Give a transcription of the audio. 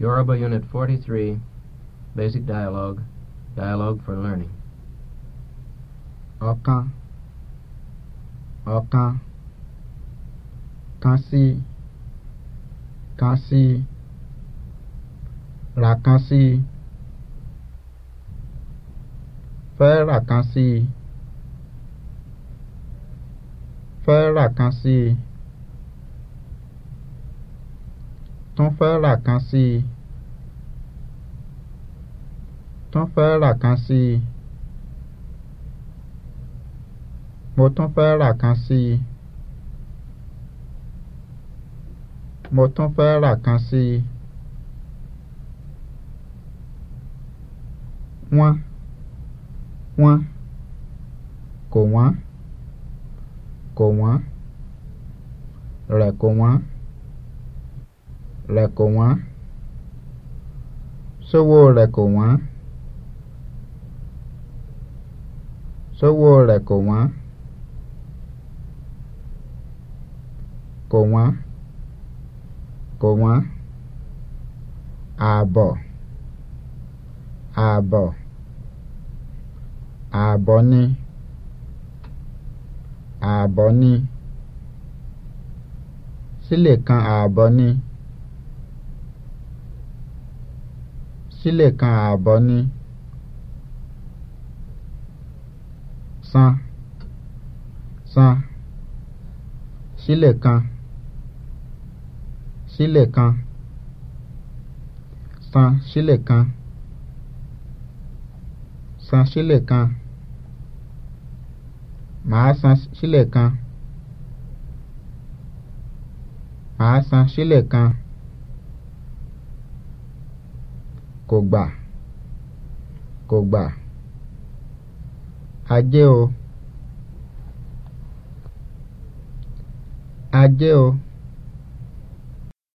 Yoruba Unit 43, Basic Dialogue, Dialogue for Learning. Ọ̀kan ọ̀kan kan sí kan sí rà kan sí Ton faire la quincy. Ton faire la quincy. Moton faire la quincy. Moton faire la quincy. Oin. Oin. Comment? Comment? Comment? rẹ̀ kò wọ́n sówó rẹ̀ kò wọ́n sówó rẹ̀ kò wọ́n kò wọ́n kò wọ́n ààbọ̀ ni ààbọ̀ ni sílè kan ààbọ̀ ni. sílẹ̀ kan ààbọ̀ ni san san sílẹ̀ kan sílẹ̀ kan san sílẹ̀ kan san sílẹ̀ kan màá san sílẹ̀ kan màá san sílẹ̀ kan. kò gbà kò gbà ajé o ajé o.